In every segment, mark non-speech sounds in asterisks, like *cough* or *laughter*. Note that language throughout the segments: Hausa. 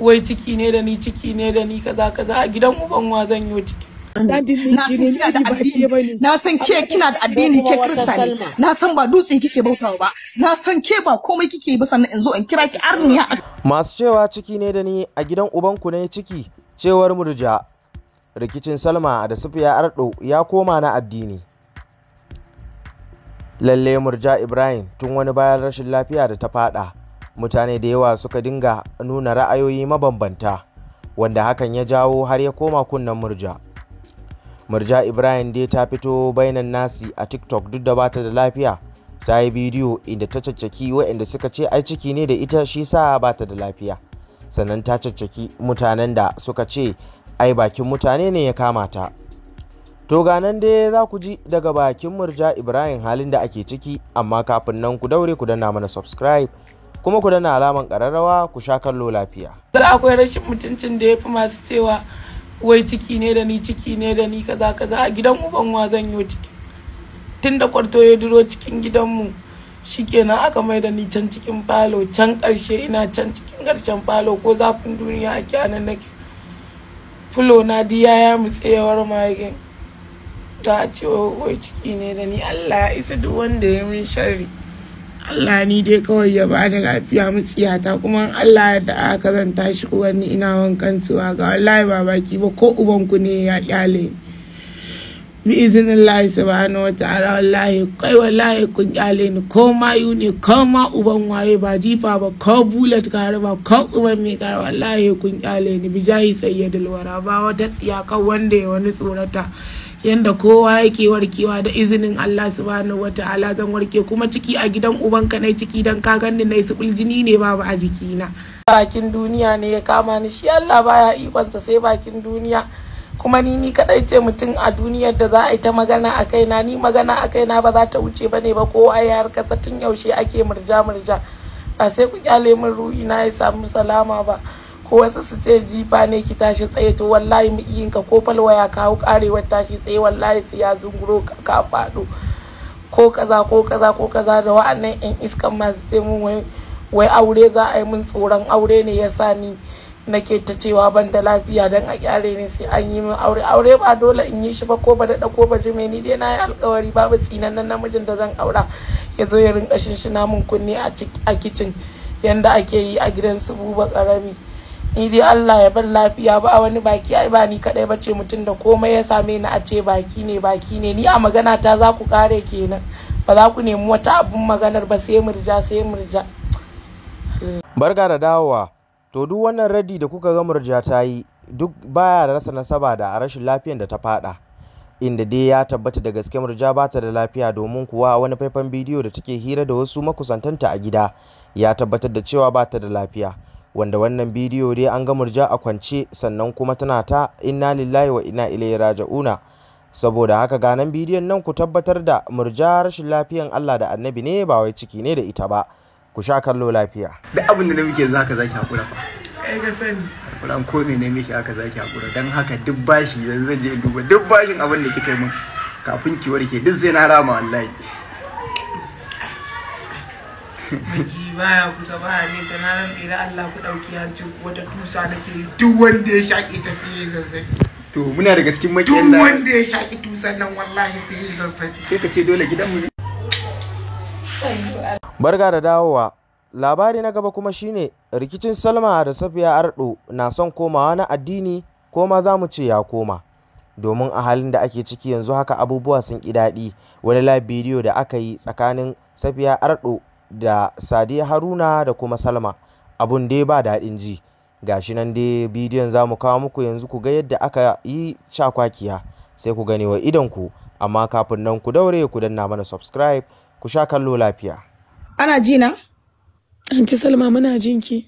wai ciki ne da ni ciki ne da ni kaza kaza a gidan uban wa zan yi ciki na san ke kina da addini ke kirista ne na san ba dutsen kike bautawa ba na san ke ba komai kike yi ba sannan in zo in kira ki arniya masu cewa ciki ne da ni a gidan ubanku ne ciki cewar murja rikicin salma da sufiya ardo ya koma na addini lalle murja ibrahim tun wani bayan rashin lafiya da ta fada mutane da yawa suka dinga nuna ra'ayoyi mabambanta wanda hakan ya jawo har ya koma kunnen murja murja ibrahim dai ta fito bainan nasi a tiktok duk da bata da lafiya ta yi bidiyo inda ta caccaki wa'inda suka ce ai ciki ne da ita shi sa bata da lafiya sannan ta caccaki mutanen da suka ce ai bakin mutane ne ya kama ta to ganan dai za ku ji daga bakin murja ibrahim halin da ake ciki amma kafin nan ku daure ku danna mana subscribe kuma ku dana alaman ƙararrawa ku sha kallo lafiya. Zara akwai rashin mutuncin da ya fi masu cewa wai ciki ne da ni ciki ne da ni kaza kaza a gidan uban wa zan yi ciki. Tun da kwarto ya duro cikin gidanmu shikenan aka mai da ni can cikin falo can ƙarshe ina can cikin ƙarshen falo ko zafin duniya ake anan nake. Fulo na mu ya mutsewar magen. Ta ce wai ciki ne da ni Allah ya isa duk wanda ya min sharri. Allah ni dai kawai ya bani lafiya mutsiyata kuma Allah da aka zan tashi wani ina wankan suwa ga wallahi ba baki ba ko ubanku ne ya kyale bi izinin Allah subhanahu ta'ala wallahi kai wallahi kun kyale ni ko ma yuni ko ma uban waye ba jifa ba ko bullet kare ba ko uban mai kare wallahi kun kyale ni bijahi sayyidul wara ba wata tsiyaka wanda ya wani tsorata yanda kowa yake warkewa da izinin Allah subhanahu wata'ala zan warke kuma ciki a gidan ubanka na ciki dan ka ganni na sibil jini ne babu a jikina bakin duniya ne ya kama ni shi Allah baya ikonsa sai bakin duniya kuma ni ni kadai ce mutum a duniyar da za a yi ta magana a kaina ni magana a kaina ba za ta wuce ba ne ba kowa ya kasa tun yaushe ake murja murja ba sai ku kyale min ruhi na ya samu salama ba wasu su ce jifa ne ki tashi tsaye to wallahi ka ko falwa ya kawo karewar tashi tsaye wallahi su ya zunguro ka faɗo ko kaza ko kaza ko kaza da wa'annan yan iskan masu ce mun wai aure za a yi mun tsoron aure ne ya sa ni nake ta cewa ban da lafiya dan a kyare ne sai an yi min aure aure ba dole in yi shi ba ko ba daɗa ko ba jime ni dai na yi alkawari babu tsinannen namijin da zan aura ya zo ya rinka shinshina min kunne a kicin yanda ake yi a gidan su buba karami. ni dai Allah ya bar lafiya ba wani baki ai ba ni kadai ba ce mutum da komai ya same ni a ce baki ne baki ne ni a magana ta za ku kare kenan ba za ku nemi wata abun maganar ba sai murja sai murja barka da dawowa to duk wannan radi da kuka ga murja ta yi duk baya da rasa nasaba da rashin lafiyar da ta fada inda dai ya tabbata da gaske murja ba ta da lafiya domin kuwa wani faifan bidiyo da take hira da wasu makusantanta a gida ya tabbatar da cewa ba ta da lafiya wanda wannan bidiyo dai an ga murja a kwance sannan kuma tana ta inna lillahi wa inna ilaihi raji'una saboda haka ganan bidiyon nan ku tabbatar da murja rashin lafiyan Allah da annabi ne ba wai ciki ne da ita ba ku sha kallo lafiya duk abin da muke za ka zaki hakura fa kai eh, ga sani hakuran ko ne miki aka zaki hakura dan haka duk bashi yanzu zan je duba duk bashin abin da kike min kafin ki warke duk zai na rama wallahi *laughs* baya kusa baya nesa na nan idan Allah ku ɗauki hancin ku wata tusa nake duk wanda ya shaƙe ta sai ya zazzaɓi. To muna daga cikin makiyan da. Duk wanda ya shaƙi tusan nan wallahi sai ya Sai ka ce dole gidanmu ne. Barka da dawowa. Labari na gaba kuma shine rikicin Salma da Safiya Ardo na son komawa na addini ko ma za mu ce ya koma. Domin a halin da ake ciki yanzu haka abubuwa sun ƙi daɗi wani live bidiyo da aka yi tsakanin Safiya Ardo da Sadiya Haruna da kuma Salma. Abun dai ba daɗin ji. Ga shi nan dai bidiyon za mu kawo muku yanzu ku ga yadda aka yi cakwakiya sai ku gane wa idonku amma kafin nan ku daure ku danna mana subscribe ku sha kallo lafiya. Ana ji na? Anti Salma muna jinki.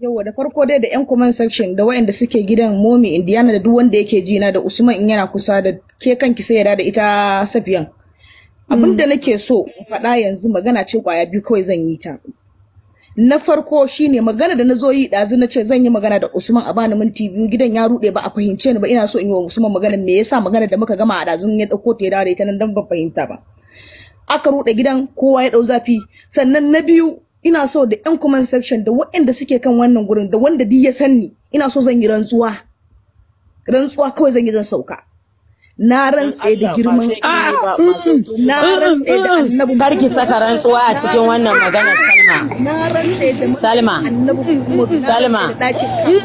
Yauwa da farko dai da 'yan comment section da wayanda suke gidan Momi Indiana da duk wanda yake jina da Usman in yana kusa da ke kanki sai ya da ita Safiyan. abin hmm. da nake so faɗa yanzu magana ce kwaya biyu kawai zan yi ta na farko shine magana da na zo yi ɗazu na ce zan yi magana da usman a bani minti biyu gidan ya ruɗe ba a fahimce ni ba ina so in yi wa usman magana me yasa magana da muka gama a ɗazun ya ɗauko ta ya dare ta ta nan dan ban fahimta ba aka ruɗe gidan kowa ya ɗau zafi sannan na biyu ina so da yan comment section da waɗanda suke kan wannan gurin da wanda duk ya sanni ina so zan yi rantsuwa rantsuwa kawai zan yi zan sauka na rantse da girman na rantse da annabi karki saka rantsuwa a cikin wannan magana salma na rantse da salma salma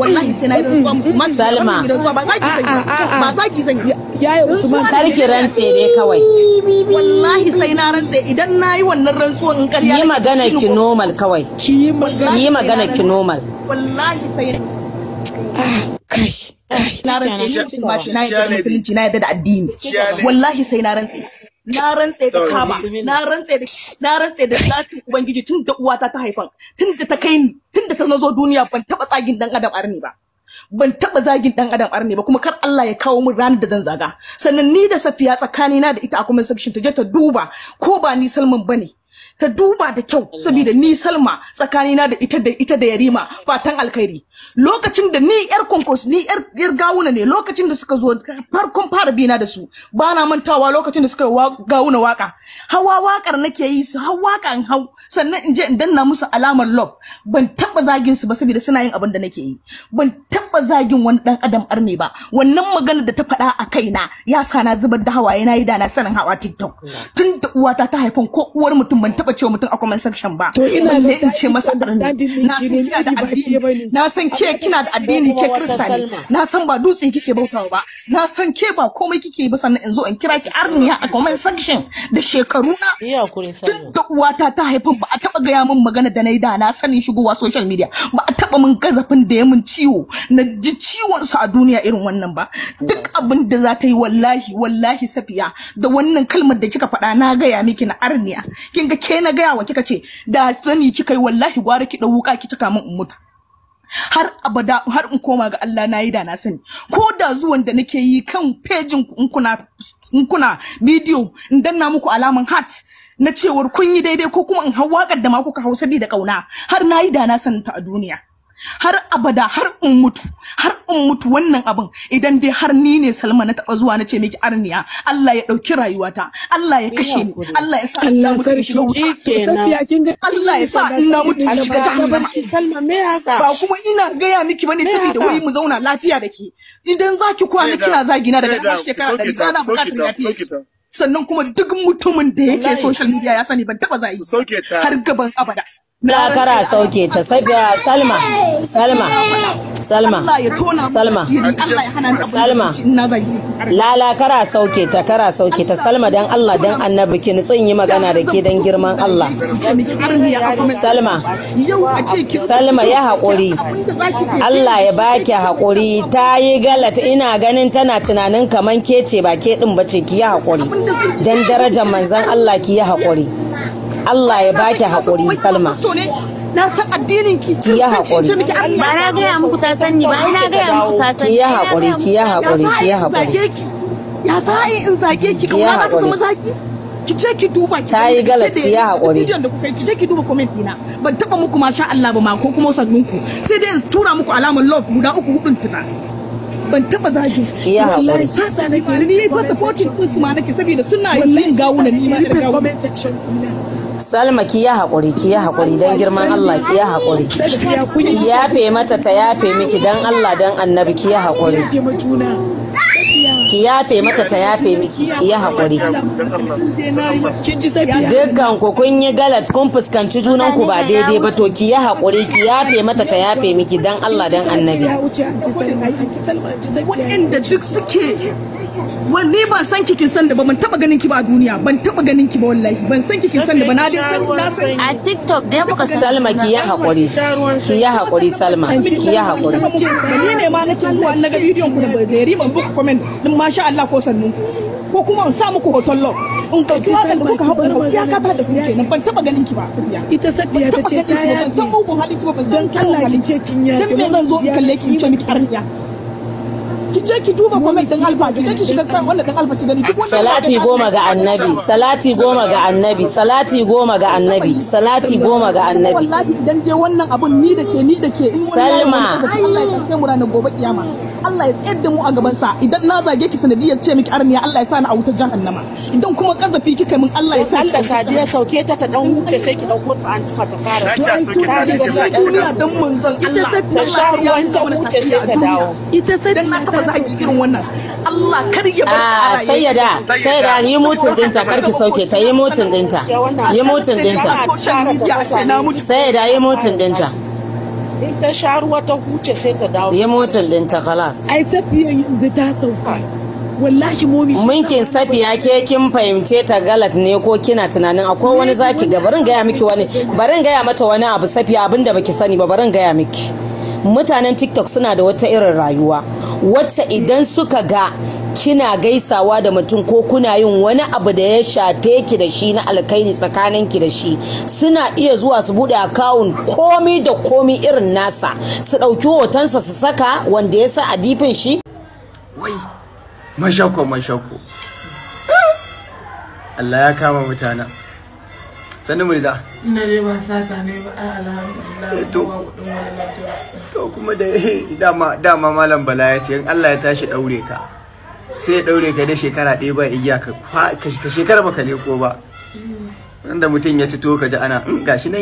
wallahi sai na yi rantsuwa man salma ba za ah, ah, ah, ki san yaye usman karki rantse ne kawai wallahi sai na rantse idan nayi wannan rantsuwa in kariya ki yi magana ki normal kawai ki yi magana ki normal wallahi sai kai Eh, na rantse ni ba shi na yadda musulunci na yadda da addini wallahi sai na rantse na rantse da kaba na rantse da na rantse da zatin ubangiji tun da uwata ta haifan tun da ta kai tun da ta nazo duniya ban taba tsagin dan adam arni ba ban taba zagin dan adam arne ba kuma kar Allah ya kawo min ranar da zan zaga sannan ni da safiya tsakanina da ita a kuma section ta je ta duba ko ba ni Salman bane ta duba da kyau saboda ni Salma tsakanina da ita da ita da Yarima fatan alkhairi lokacin da ni yar konkos ni yar yar gawuna ne lokacin da suka zo farkon fara bina da su ba na mantawa lokacin da suka gawuna waka hawa wakar nake yi su hawa waka in hau sannan in je in danna musu alamar love ban taba zagin su ba saboda suna yin abin da nake yi ban taba zagin wani dan adam arne ba wannan magana da ta faɗa a kaina ya sa na zubar da hawaye na yi da na sanin hawa TikTok tun da uwata ta haifan ko uwar mutum ban taba taɓa cewa mutum a comment section ba to ina da in ce masa arni na san kina da addini na san ke kina da addini ke krista na san ba dutse kike bauta ba na san ke ba komai kike ba sannan in zo in kira ki arniya a comment section da shekaru na tun da uwata ta haifa ba a taɓa gaya min magana da na yi da na sanin shigowa social media ba a taba min gazafin da ya mun ciwo na ji ciwon sa a duniya irin wannan ba duk abin da za ta yi wallahi wallahi safiya da wannan kalmar da kika faɗa na gaya miki na arniya kin ga ke na gaya wa kika ce da sani kika yi wallahi gwara ki dau wuka ki cika min in mutu har abada har in koma ga Allah na yi da na sani ko da zuwan da nake yi kan pejin in kuna in kuna bidiyo in danna muku alaman heart na cewar kun yi daidai ko kuma in hau waƙar da ma kuka hau da kauna har na yi da na sanin ta a duniya har abada har in mutu har in mutu wannan abin idan dai har ni ne Salma na taba zuwa na ce miki arniya Allah ya dauki rayuwata Allah ya kashe ni Allah ya sa na mutu shiga wuta eh Allah ya sa in na mutu shiga jahannama Salma me haka ba kuma ina gaya miki bane saboda wai mu zauna lafiya da ke idan zaki kwana kina zagina daga kan shekara da tsana bukatun lafiya sannan kuma duk mutumin da yake social media ya sani ban taba zai har gaban abada kara sauke ta sabiya Salma Salma Salma Salma Salma Lala kara sauke ta kara sauke ta Salma dan Allah dan Annabi ki nutsun yi magana da ke dan girman Allah Salma Salma ya haƙuri Allah ya baki haƙuri ta yi galata ina ganin tana tunanin kaman ke ce ba ke din bace ki ya haƙuri dan darajar manzon Allah ki ya haƙuri Allah ya baki haƙuri Salma. Na san addinin ki. Ki ya haƙuri. Ba na gaya muku ta sani ba, ina gaya muku ta sani. Ki ya haƙuri, ki ya haƙuri, ki ya haƙuri. Ya sa in zage ki, kuma za ta zama ki ce ki duba ki ta yi galati ya haƙuri ki ce ki duba comment dina ban taba muku masha Allah ba ma ko kuma sannun ku sai dai tura muku alamar love guda uku hudun tuka ban taba zage ki ya hakuri haƙuri sa nake ni ba supporting din su ma nake saboda suna yin gawo na ni ma da gawunan section salma ki ya haƙuri ki ya haƙuri don girman allah ki ya haƙuri ki yafe mata ta yafe miki don allah don annabi ki ya haƙuri ki yafe mata ta yafe miki ki yi haƙuri dukkan ku kun yi galat kun fuskanci junan ku ba daidai ba to ki yi haƙuri ki yafe mata ta yafe miki dan Allah dan annabi Wanda duk suke wanne ban san ki kin san da ba ban taba ganin ki ba a duniya ban taba ganin ki ba wallahi ban san ki kin san da ba na dai san na a tiktok dai muka salma ki ya hakuri ki ya hakuri salma ki ya hakuri ni ne ma nake zuwa na ga bidiyon ku da ban buka comment din masha Allah ko sannu ko kuma in sa muku hoton lo in ɗauki waƙar da kuka haƙuri ya kata da kuke nan ban taɓa ganin ki ba safiya ita safiya ta ce ta ya san mugun hali ki ba ban san Allah ki ce kin ya dan me zan zo in kalle ki in ce miki arniya ki je ki duba comment din alfa ki je ki shiga san wannan din alfa ki gani duk salati goma ga annabi salati goma ga annabi salati goma ga annabi salati goma ga annabi wallahi idan dai wannan abun ni da ke ni da ke in wannan salma Allah ya kai mu ranar gobe kiyama Allah ya tsayar da mu a gabansa idan na zage ki sanadiyar ce miki armiya Allah ya sa ni a wutar jahannama idan kuma kazafi kika min Allah ya sa Allah sadiya sauke ta ta dan huce sai ki dauko ta an tuka ta fara ta sauke ta ta ki ta dan manzon Allah ta sha ruwan ta huce sai ta dawo ita sai dan na kafa zagi irin wannan Allah kar ya bar ah, sayyada sayyada yi mutun dinta kar ki sauke ta yi mutun dinta yi mutun dinta sayyada yi mutun dinta in ta sha ruwa ta huce sai ta dawo ya motar din ta kalas ai safiya yanzu ta sauka wallahi momi minkin safiya ke kin fahimce ta galat ne ko kina tunanin akwai wani zaki ga barin gaya miki wani barin gaya mata wani abu safiya abinda baki sani ba barin gaya miki mutanen tiktok suna da wata irin rayuwa wacce idan suka ga kina gaisawa da mutum ko kuna yin wani abu da ya shafe ki da shi na alkaini tsakanin ki da shi suna iya zuwa su bude akawun komi da komi irin nasa su ɗauki hotonsa su saka wanda ya sa a difin shi wai mashako mashako ah! Allah ya kama mutana sannu murza ina dai ba sata ne ba alhamdulillah eh, to kuma da dama dama malam bala ya ce in Allah ya tashi daure ka sai ya daure ka da shekara ɗaya ba igiya ka shekara ba ka leko ba mm. wanda mutum ya ci to ka ji ana in mm, gashi nan